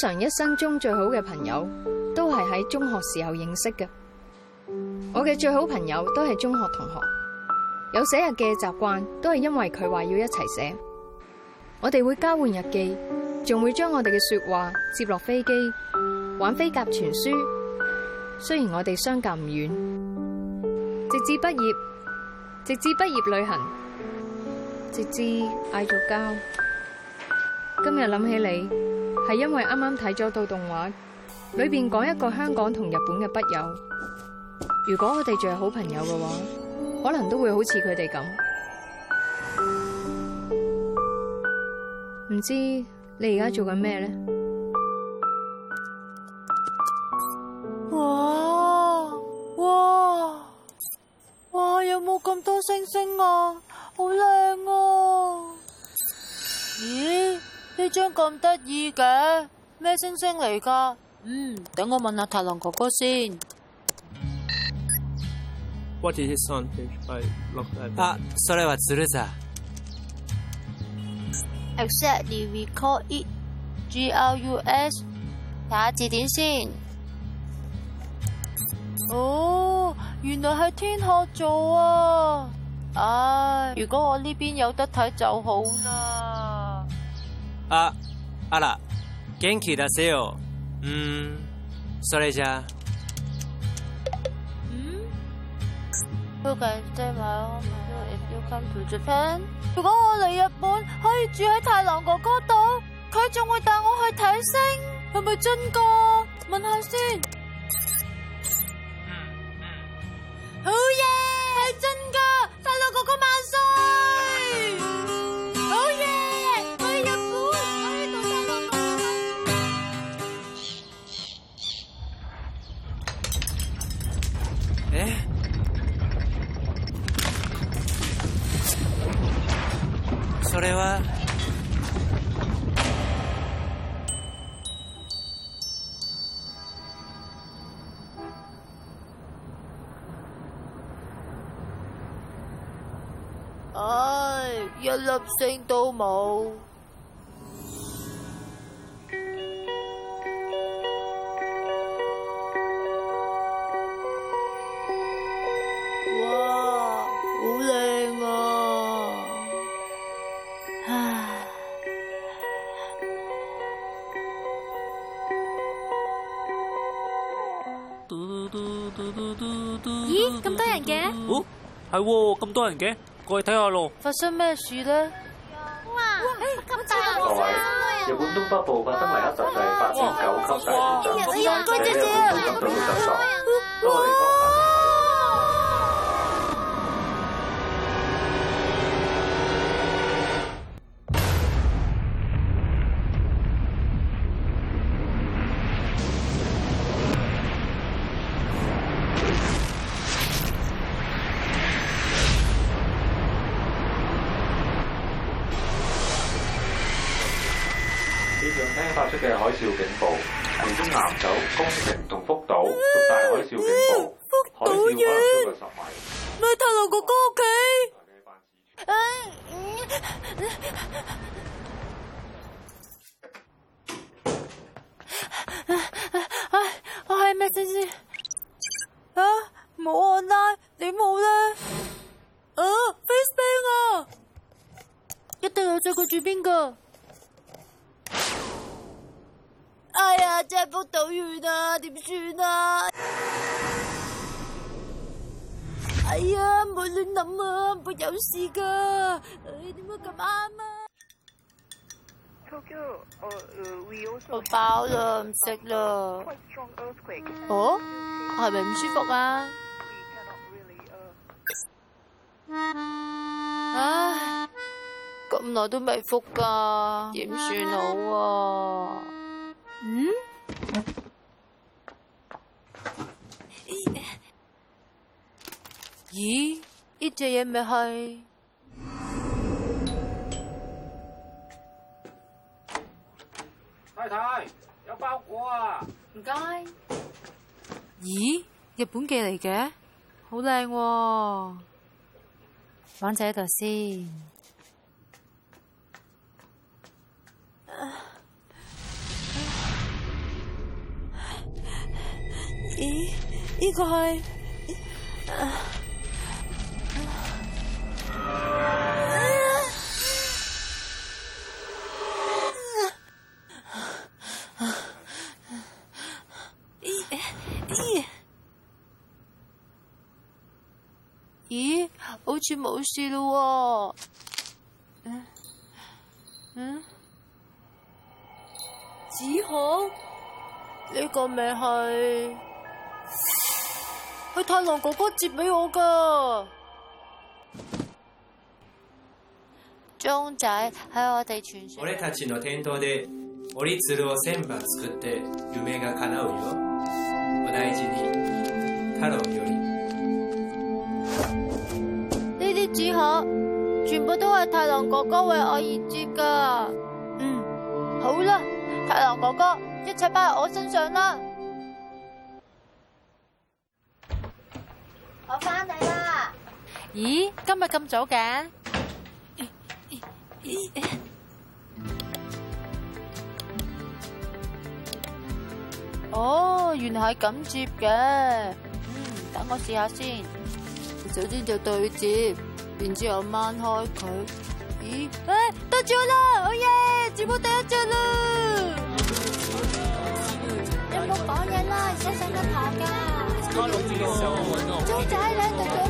常一生中最好嘅朋友都係喺中學時候認識嘅。我嘅最好朋友都係中學同學，有寫日記嘅習慣，都係因為佢話要一齊寫。我哋會交換日記，仲會將我哋嘅說話接落飛機，玩飛鴿傳書。雖然我哋相隔唔遠，直至畢業，直至畢業旅行，直至嗌咗交。今日諗起你。係因為啱啱睇咗套動畫，裏邊講一個香港同日本嘅筆友。如果我哋仲係好朋友嘅話，可能都會好似佢哋咁。唔知你而家做緊咩咧？哇哇哇！有冇咁多星星啊？好靚啊！咦？呢張咁得意嘅咩星星嚟噶？嗯，等我問下太郎哥哥先。What is exactly call it G R U S, S。查字典先。哦，oh, 原來係天鶴座啊！唉、哎，如果我呢邊有得睇就好啦。Yeah. 啊，阿拉、uh, uh mm, so，元氣啲先哦。嗯 ，s o r 所以就。嗯？究竟即係咪？如果我嚟日本，可以住喺太郎哥哥度，佢仲會帶我去睇星，係咪真㗎？問下先。唉，一粒星都冇。哇，好靚啊！咦，咁多人嘅？哦，係喎，咁多人嘅。我哋睇下咯，發生咩事咧？各位，日本東北部發生埋一集地八千九級大復到完啊？點算啊？哎呀，冇亂諗啊，冇有事噶。你點解咁啱啊？我飽啦，唔食啦。哦？係咪唔舒服啊？唉，咁耐都未復噶，點算好啊？嗯？咦？呢隻嘢，咪係太太，有包裹啊！唔該你。咦？日本寄嚟嘅，好靚喎。放住喺度先。咦？呢個係？啊！咦？咦？咦？好似冇事咯？嗯？ 嗯、這個？子豪，呢個咪係？太郎哥哥接俾我噶，忠仔喺我哋傳說。我咧提前到店度，的，我哩次我先把做，呢啲紙鶴全部都係太郎哥哥為我而摺噶。嗯，好啦，太郎哥哥，一切包喺我身上啦。咦，今日咁早嘅？哦，原來係咁摺嘅。嗯，等我試下先。首先就對摺，然之後掹開佢。咦？誒，得咗啦！哦耶，摺咗第一隻啦！有冇講嘢啦？想唔想跟下架？阿忠仔，兩對腳。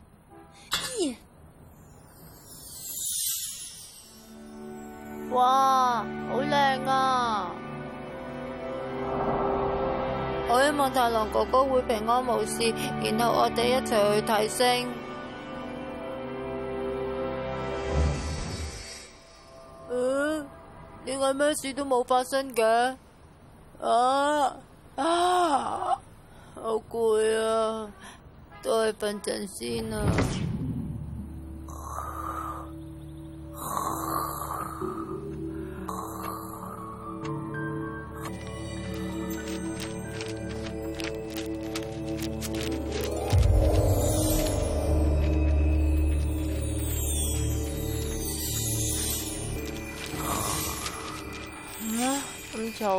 哇，好靚啊！我希望太郎哥哥會平安無事，然後我哋一齊去睇星。嗯？點解咩事都冇發生嘅？啊啊！好攰啊，都係瞓陣先啊。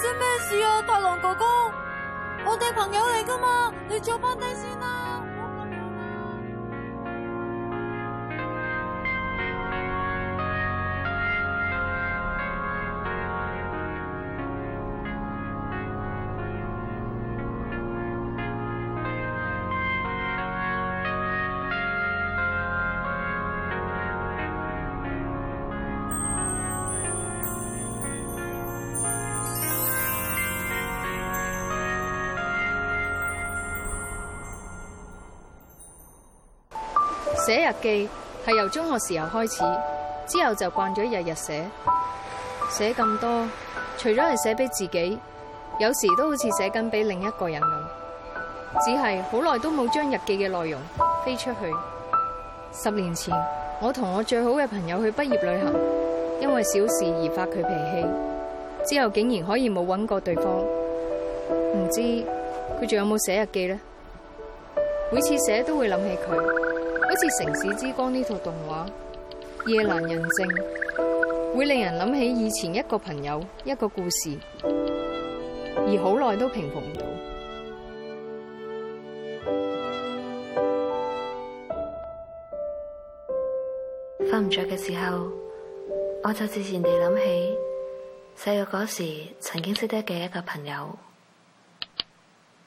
出咩事啊，大郎哥哥？我哋朋友嚟噶嘛？你做翻啲事。寫日記係由中學時候開始，之後就慣咗日日寫，寫咁多，除咗係寫俾自己，有時都好似寫緊俾另一個人咁，只係好耐都冇將日記嘅內容飛出去。十年前，我同我最好嘅朋友去畢業旅行，因為小事而發佢脾氣，之後竟然可以冇搵過對方，唔知佢仲有冇寫日記呢？每次寫都會諗起佢。好似《城市之光》呢套動畫，夜闌人靜，會令人諗起以前一個朋友、一個故事，而好耐都平復唔到。瞓唔着嘅時候，我就自然地諗起細個嗰時曾經識得嘅一個朋友，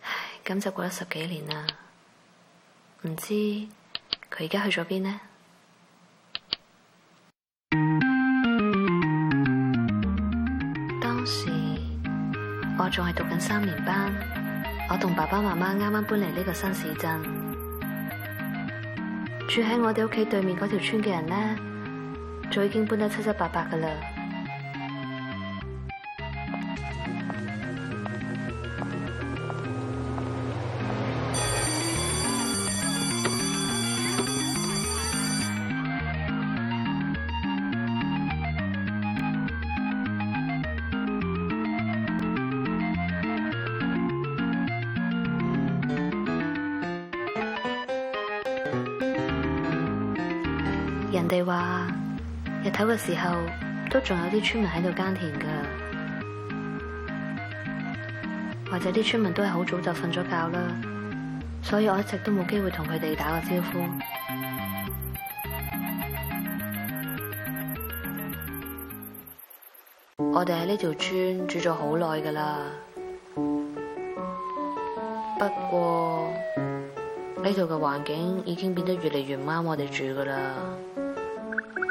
唉，咁就過咗十幾年啦，唔知。佢而家去咗邊呢？當時我仲係讀緊三年班，我同爸爸媽媽啱啱搬嚟呢個新市鎮，住喺我哋屋企對面嗰條村嘅人呢，就已經搬得七七八八㗎喇。話日頭嘅時候都仲有啲村民喺度耕田噶，或者啲村民都係好早就瞓咗覺啦，所以我一直都冇機會同佢哋打個招呼。 我哋喺呢條村住咗好耐噶啦，不過呢度嘅環境已經變得越嚟越唔啱我哋住噶啦。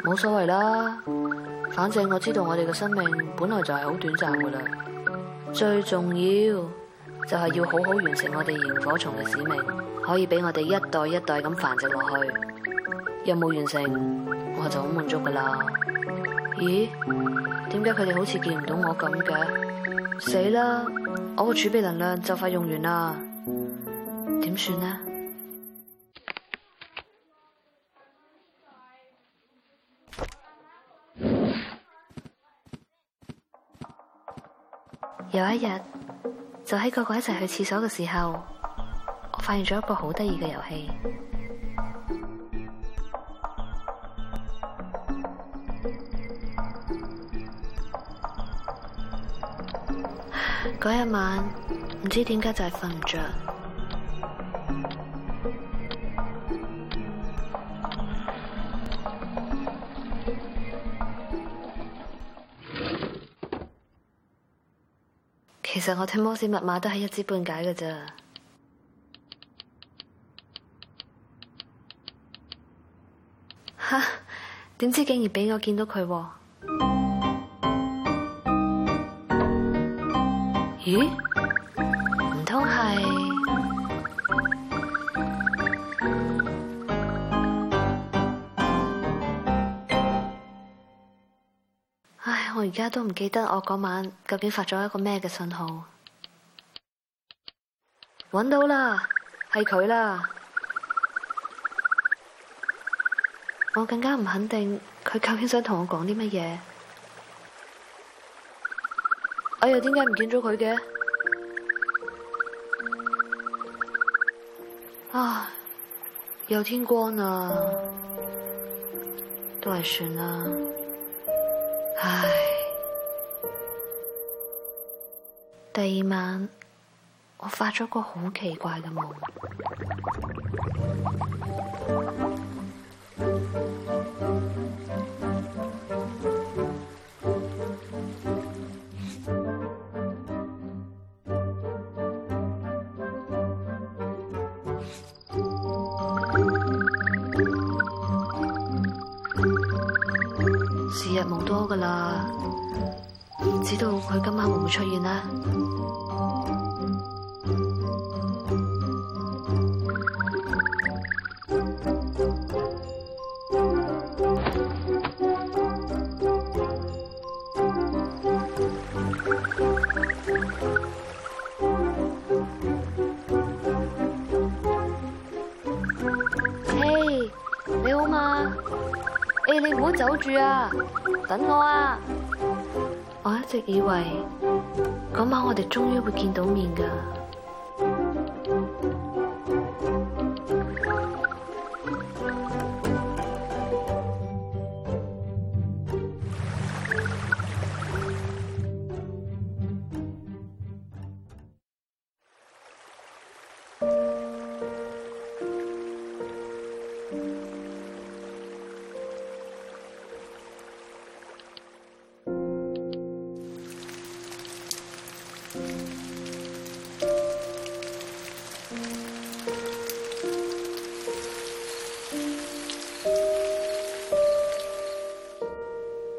冇所謂啦，反正我知道我哋嘅生命本來就係好短暫噶啦，最重要就係要好好完成我哋螢火蟲嘅使命，可以俾我哋一代一代咁繁殖落去。有冇完成我就好滿足噶啦。咦，點解佢哋好似見唔到我咁嘅？死啦！我個儲備能量就快用完啦，點算呢？有一日，就喺個個一齊去廁所嘅時候，我發現咗一個好得意嘅遊戲。嗰一晚，唔知點解就係瞓唔着。其實我聽摩斯密碼都係一知半解嘅咋？哈？點知竟然俾我見到佢？咦？ 而家都唔記得我嗰晚究竟發咗一個咩嘅信號？搵到啦，係佢啦。我更加唔肯定佢究竟想同我講啲乜嘢。哎呀，點解唔見咗佢嘅？啊，又天光啊，都係算啦。唉。第二晚，我發咗個好奇怪嘅夢。佢今晚會唔會出現啊？嘿，hey，你好嘛？哎，hey，你唔好走住啊，等我啊！我一直以為，嗰晚我哋終於會見到面㗎。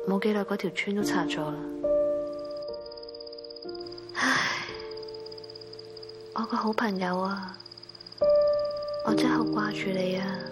冇幾耐，嗰條村都拆咗啦。唉，我個好朋友啊，我真係好掛住你啊！